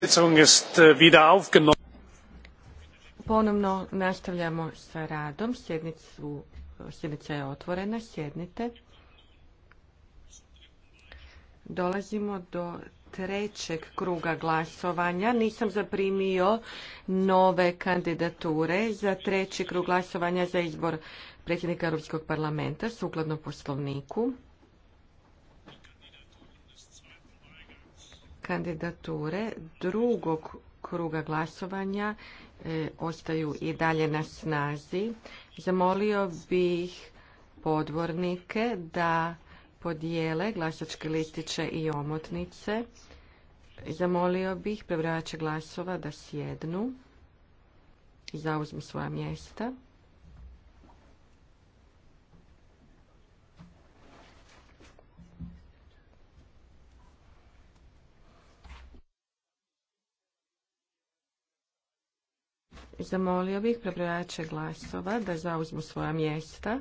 Äh, Ponovno nastavljamo sa radom. sjednica je otvorena. Sjednite. Dolazimo do trećeg kruga glasovanja. Nisam zaprimio nove kandidature za treći krug glasovanja za izbor predsjednika Europskog parlamenta sukladno poslovniku. kandidature drugog kruga glasovanja e, ostaju i dalje na snazi. Zamolio bih podvornike da podijele glasačke listiće i omotnice. Zamolio bih prebrojače glasova da sjednu i zauzmu svoja mjesta. Zamolio bih prebrojače glasova da zauzmu svoja mjesta.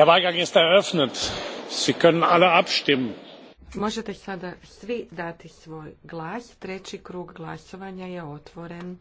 Der Wahlgang ist eröffnet. Sie können alle abstimmen. Možete sada svi dati svoj glas. Treći krug glasovanja je otvoren.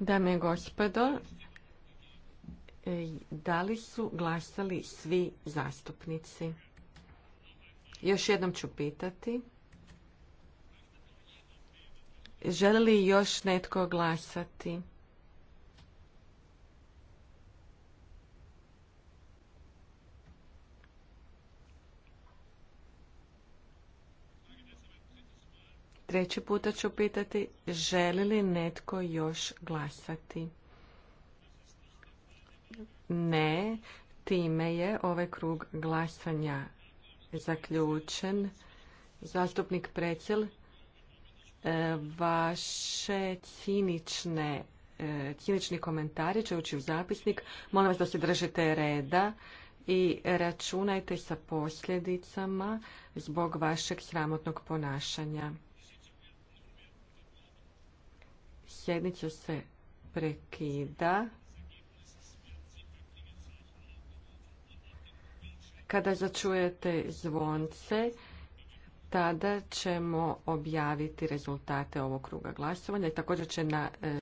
Dame i gospodo, e, da li su glasali svi zastupnici? Još jednom ću pitati. Želi li još netko glasati? Treći puta ću pitati želi li netko još glasati. Ne, time je ovaj krug glasanja zaključen. Zastupnik Precel, e, vaše cinične e, cinični komentari će ući u zapisnik. Molim vas da se držite reda i računajte sa posljedicama zbog vašeg sramotnog ponašanja. Sjednicu se prekida. Kada začujete zvonce, tada ćemo objaviti rezultate ovog kruga glasovanja i također će na e,